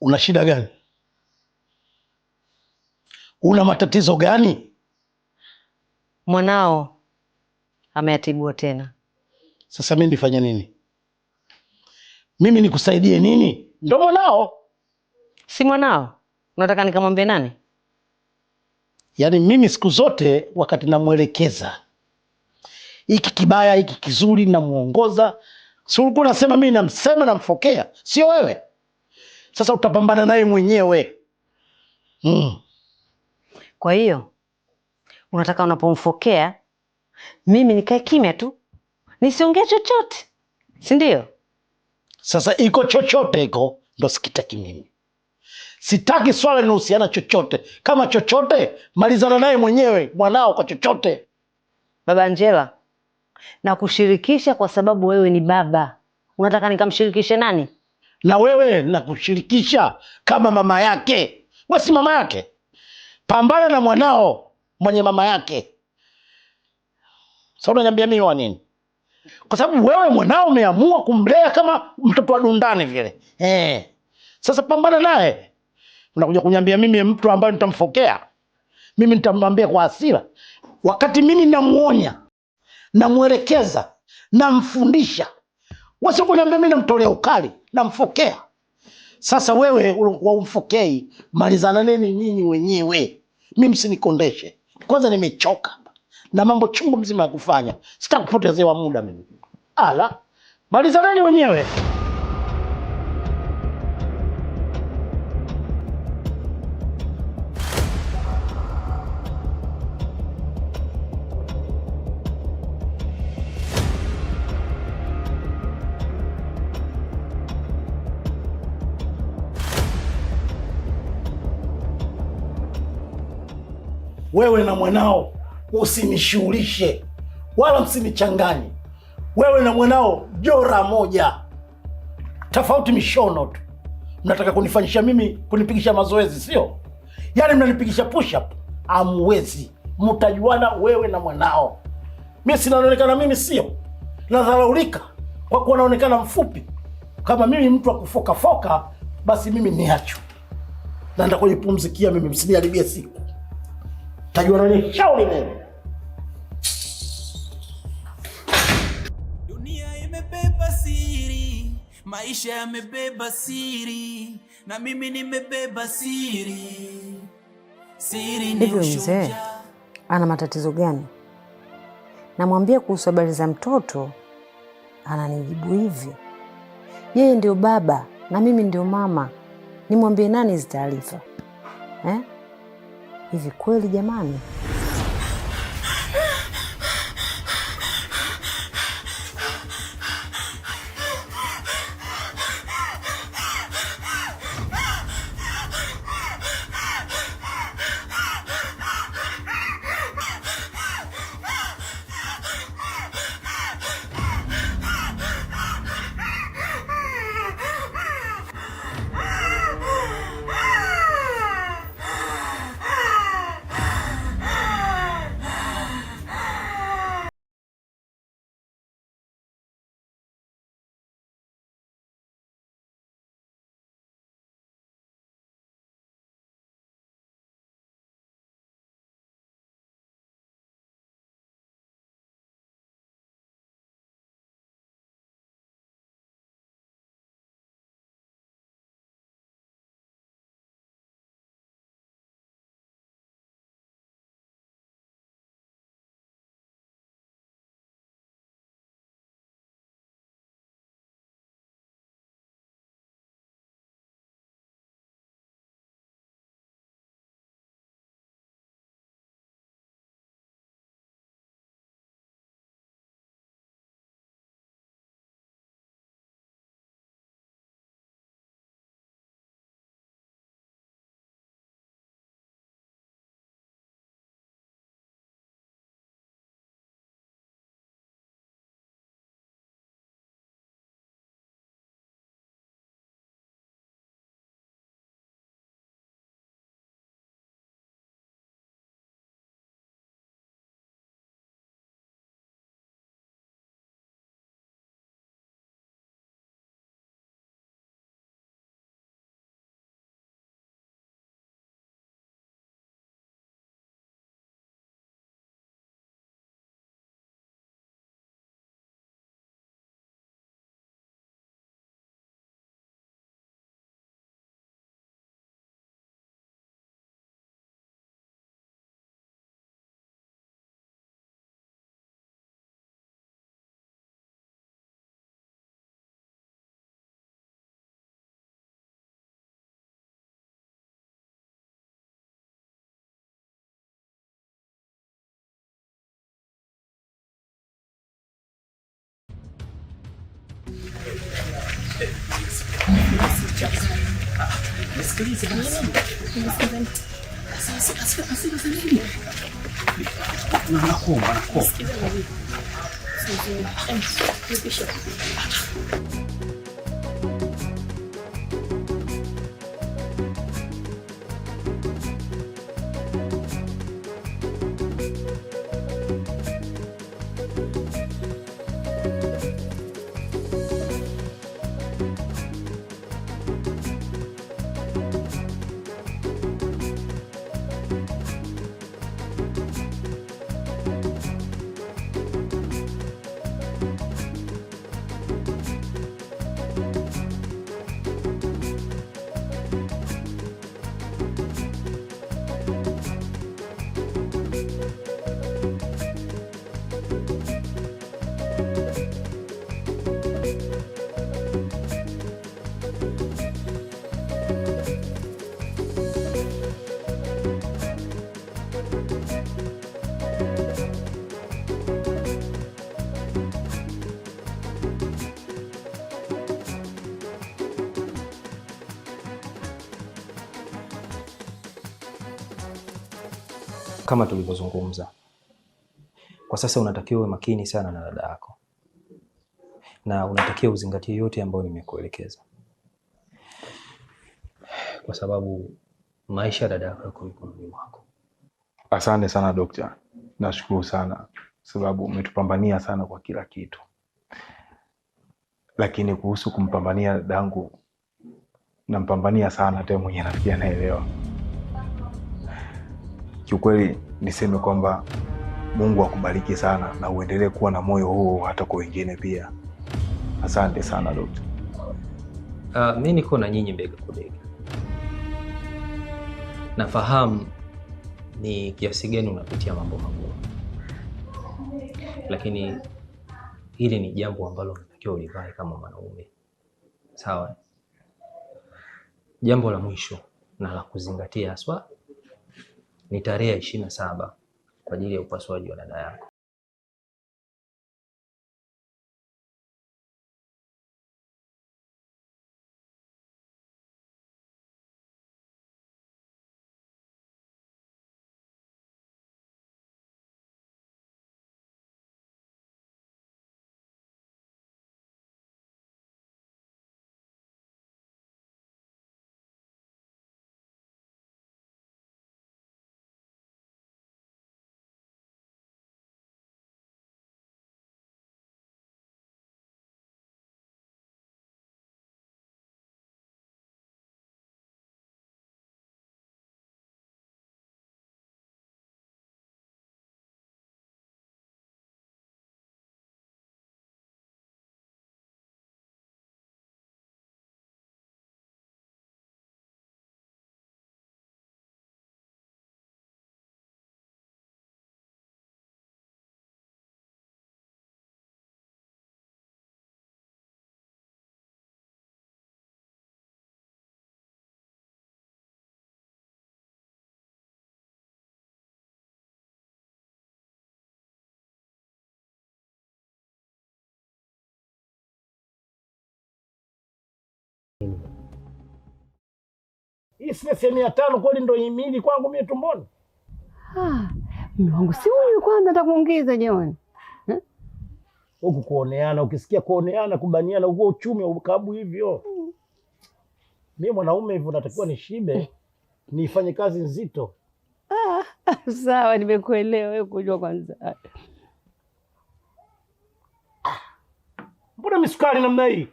una shida gani? Una matatizo gani? Mwanao ameatibua tena. Sasa mimi nifanye nini? Mimi nikusaidie nini? Ndo mwanao, si mwanao. Unataka nikamwambie nani? Yaani mimi siku zote wakati namwelekeza hiki kibaya, hiki kizuri, namuongoza, si ulikuwa unasema mimi namsema, namfokea, sio wewe? Sasa utapambana naye mwenyewe mm. Kwa hiyo unataka unapomfokea mimi nikae kimya tu nisiongee chochote, si ndio? Sasa iko chochote iko ndo sikitaki mimi, sitaki swala linahusiana chochote. Kama chochote, malizana naye mwenyewe mwanao, kwa chochote. Baba Njela, nakushirikisha kwa sababu wewe ni baba. Unataka nikamshirikishe nani? na wewe nakushirikisha kama mama yake. Wewe mama yake, pambana na mwanao mwenye mama yake. Sasa unaniambia mimi wa nini? Kwa sababu wewe mwanao umeamua kumlea kama mtoto wa dundani vile eh. Sasa pambana naye, unakuja kuniambia mimi mtu ambaye nitamfokea mimi, nitamwambia kwa hasira, wakati mimi namuonya, namwelekeza, namfundisha Wasikunyambia mi namtolea ukali, namfokea. Sasa wewe waumfokei, malizana nini nyinyi wenyewe. Mimi msinikondeshe. Kwanza nimechoka na mambo chungu mzima ya kufanya. sitakupotezewa muda mimi. Ala, malizaneni wenyewe. wewe na mwanao usinishughulishe wala msinichanganye. Wewe na mwanao jora moja, tofauti mishono tu. Mnataka kunifanyisha mimi kunipigisha mazoezi, sio? yani mnanipigisha push up, amwezi mtajuana wewe na mwanao. Mimi sinaonekana mimi, sio nadharaulika kwa kuwa naonekana mfupi. Kama mimi mtu akufokafoka, basi mimi niacho, naenda kujipumzikia mimi, msiniharibie siku. Tajua nani? Shauri mimi. Dunia imebeba siri, maisha yamebeba siri, na mimi nimebeba siri. Siri ni mzee. Ana matatizo gani? Namwambia kuhusu habari za mtoto, ananijibu hivi, yeye ndio baba na mimi ndio mama, nimwambie nani hizi taarifa eh? Hivi kweli jamani? Nakuomba, nakuomba. kama tulivyozungumza. Kwa sasa unatakiwa uwe makini sana na dada yako, na unatakiwa uzingatie yote ambayo nimekuelekeza, kwa sababu maisha ya dada yako yako mikononi mwako. Asante sana dokta, nashukuru sana sababu umetupambania sana kwa kila kitu, lakini kuhusu kumpambania dadangu, nampambania sana, tena, mwenye nafikia naelewa. Kiukweli niseme kwamba Mungu akubariki sana na uendelee kuwa na moyo huo hata kwa wengine pia. Asante sana dokta. Uh, mi niko na nyinyi bega kwa bega. Nafahamu ni kiasi gani unapitia mambo magumu, lakini hili ni jambo ambalo unatakiwa ulivae kama mwanaume, sawa? Jambo la mwisho na la kuzingatia haswa ni tarehe ya ishirini na saba kwa ajili ya upasuaji wa dada yako. sile sehemu ya tano kweli ndo imili kwangu mie tumboni. Ah, mume wangu si huyu kwanza, nitakuongeza jamani eh? huku kuoneana, ukisikia kuoneana, kubaniana, huo uchumi ukabu hivyo. Mimi mwanaume hivyo natakiwa nishibe, nifanye kazi nzito. Ah, ah sawa, nimekuelewa wewe. Kujua kwanza, mbona misukari namna hii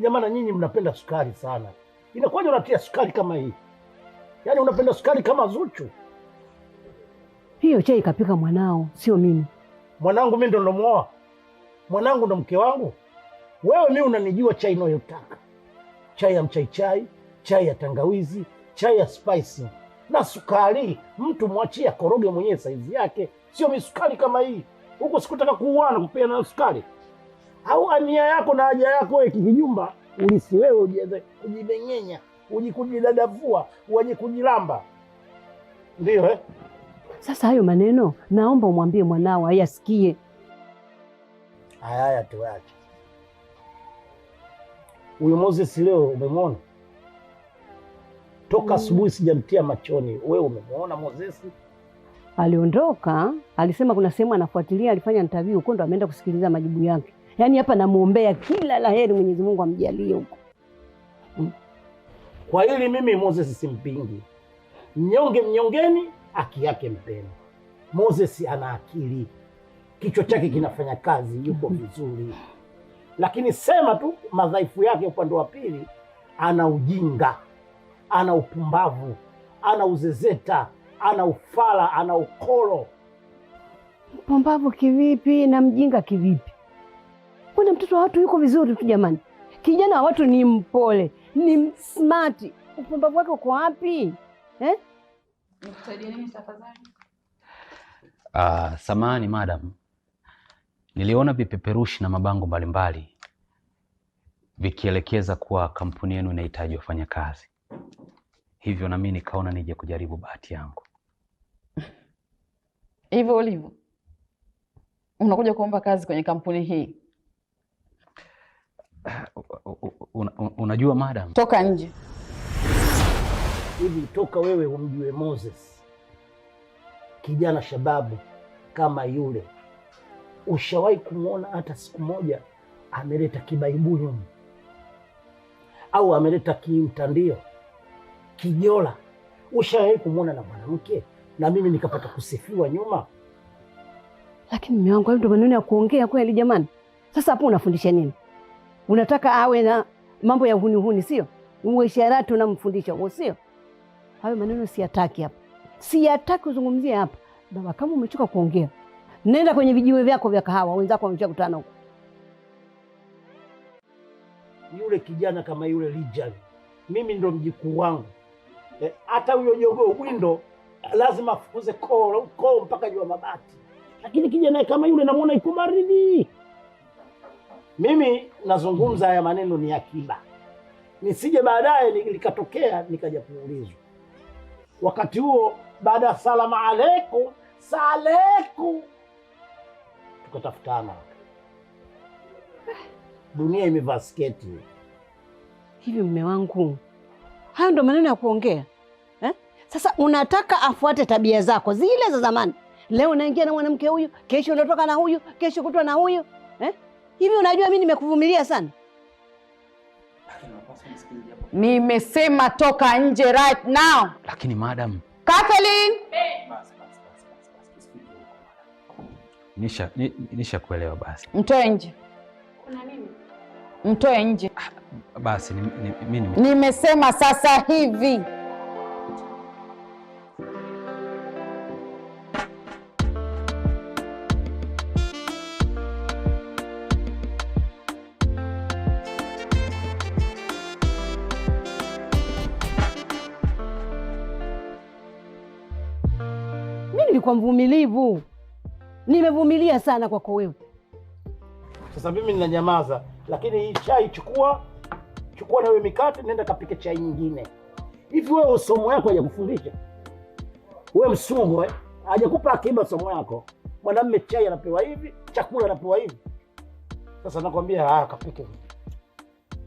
jamani? Nyinyi mnapenda sukari sana inakuwaje unatia sukari kama hii? Yaani unapenda sukari kama Zuchu? Hiyo chai ikapika mwanao, sio mimi. Mwanangu mimi ndo nilomwoa, Mwanangu ndo mke wangu? Wewe mimi unanijua chai unayotaka, chai ya mchaichai, chai ya tangawizi, chai ya spicy na sukari. Mtu mwachie akoroge mwenyewe saizi yake, sio sukari kama hii. Huko sikutaka kuuana kupea na sukari, au ania yako na haja yako wewe kijijumba ulisi wewe, ujianze kujimeng'enya, ujikujidadavua, uaje kujilamba, ndio eh? Sasa hayo maneno naomba umwambie mwanao ayasikie. Haya haya, tuache huyu Moses. Leo umemwona toka mm. asubuhi mm, sijamtia machoni. Wewe umemwona Moses? Aliondoka, alisema kuna sehemu anafuatilia, alifanya interview huko, ndo ameenda kusikiliza majibu yake. Yaani hapa namwombea kila la heri Mwenyezi Mungu amjalie huko hmm. Kwa hili mimi Moses simpingi, mnyonge mnyongeni, haki yake mpeni. Moses ana akili, kichwa chake kinafanya kazi, yuko hmm. vizuri, lakini sema tu madhaifu yake upande wa pili, ana ujinga, ana upumbavu, ana uzezeta, ana ufala, ana ukolo Mpumbavu kivipi na mjinga kivipi? Mbona mtoto wa watu yuko vizuri tu jamani? Kijana wa watu ni mpole, ni smart. Upumbavu wake uko wapi eh? Uh, samahani madam, niliona vipeperushi na mabango mbalimbali vikielekeza kuwa kampuni yenu inahitaji wafanyakazi, hivyo nami nikaona nije kujaribu bahati yangu. Hivyo ulivyo unakuja kuomba kazi kwenye kampuni hii? unajua madam, toka nje hivi, toka wewe umjue Moses, kijana shababu kama yule, ushawahi kumwona hata siku moja ameleta kibaibuni au ameleta kiutandio kijola? Ushawahi kumwona na mwanamke? Na mimi nikapata kusifiwa nyuma. Lakini mume wangu, ndio maneno ya kuongea kweli jamani. Sasa hapo unafundisha nini? unataka awe na mambo ya uhunihuni, sio uisharat, tunamfundisha huo, sio hayo maneno. Siyataki hapa, siyataki uzungumzie hapa. Baba, kama umechoka kuongea, nenda kwenye vijiwe vyako vya kahawa, wenzako wamesha kutana huko. Yule kijana kama yule Lijani, mimi ndo mjukuu wangu. E, hata e, huyo jogoo Gwindo lazima afukuze koo koo mpaka juu ya mabati, lakini kijana kama yule namwona iko baridi. Mimi nazungumza haya maneno ni akiba, nisije baadaye likatokea nikaja kuulizwa wakati huo, baada ya salamu aleikum saleku tukatafutana. Dunia imevaa sketi hivi. Mme wangu, hayo ndo maneno ya kuongea eh? Sasa unataka afuate tabia zako zile za zamani. Leo unaingia na mwanamke huyu, kesho natoka na huyu, kesho kutwa na huyu eh? Hivi unajua mimi nimekuvumilia sana. Nimesema toka nje right now. Lakini madam Kathleen, nisha nisha kuelewa basi. Mtoe nje. Kuna nini? Mtoe nje. Ah, basi nimesema sasa hivi. ni kwa mvumilivu. Nimevumilia sana kwako wewe. Sasa mimi ninanyamaza, lakini hii chai chukua, chukua na wewe mikate, nenda kapike chai nyingine. Hivi wewe somo yako hajakufundisha wewe, msungu eh? Hajakupa akiba somo yako? Mwanamme chai anapewa hivi, chakula anapewa hivi. Sasa nakwambia haya, ah, kapike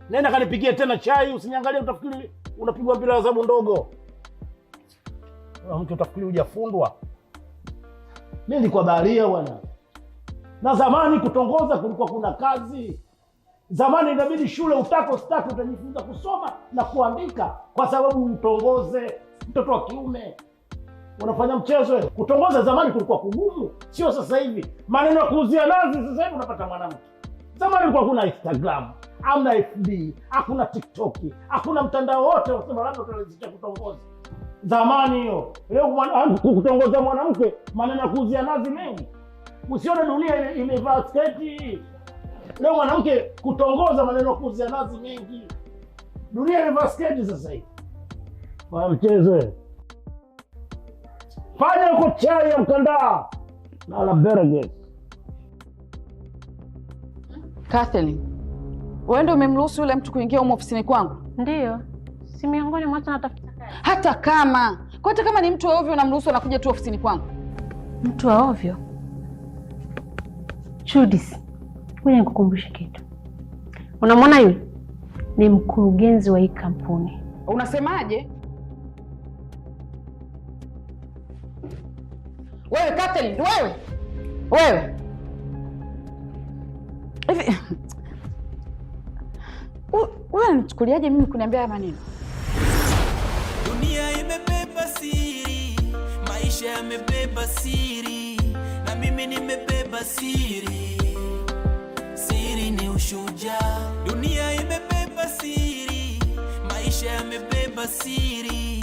nenda kanipigie tena chai. Usiniangalie utafikiri unapigwa mpira adhabu ndogo, mtu utafikiri hujafundwa. Mi nilikuwa baharia bwana, na zamani kutongoza kulikuwa kuna kazi. Zamani inabidi shule, utako sitaki, utajifunza kusoma na kuandika, kwa sababu mtongoze mtoto wa kiume unafanya mchezo. Kutongoza zamani kulikuwa kugumu, sio sasa hivi. Maneno ya kuuzia nazi sasa hivi unapata mwanamke. Zamani kulikuwa kuna Instagram amna FB, hakuna TikTok, hakuna mtandao wote wasema labda utawezesha kutongoza zamani hiyo. Leo ah, kutongoza mwanamke maana na kuuzia nazi mengi, usione dunia imevaa sketi. Leo mwanamke kutongoza maneno kuuzia nazi mengi, dunia imevaa sketi sasa hivi. Mchezo fanya uko chai ya mkandaa na la berege. Kathleen, wewe ndio umemruhusu yule mtu kuingia humo ofisini kwangu? Ndio. Si miongoni mwa watu anatafuta kazi. Hata kama kwa hata kama ni mtu wa ovyo, unamruhusu anakuja tu ofisini kwangu? Mtu wa ovyo? Judith, ngoja nikukumbushe kitu. Unamwona yule ni mkurugenzi wa hii kampuni. Unasemaje wewe Catherine? Wewe wewe hivi wewe, mimi kuniambia haya maneno? maisha yamebeba siri, na mimi nimebeba siri. Siri ni ushujaa, dunia imebeba siri, maisha yamebeba siri,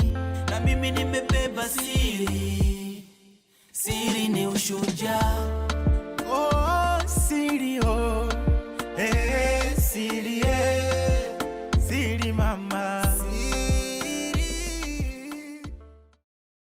na mimi nimebeba siri. Siri ni ushujaa, oh, siri oh, hey, eh, siri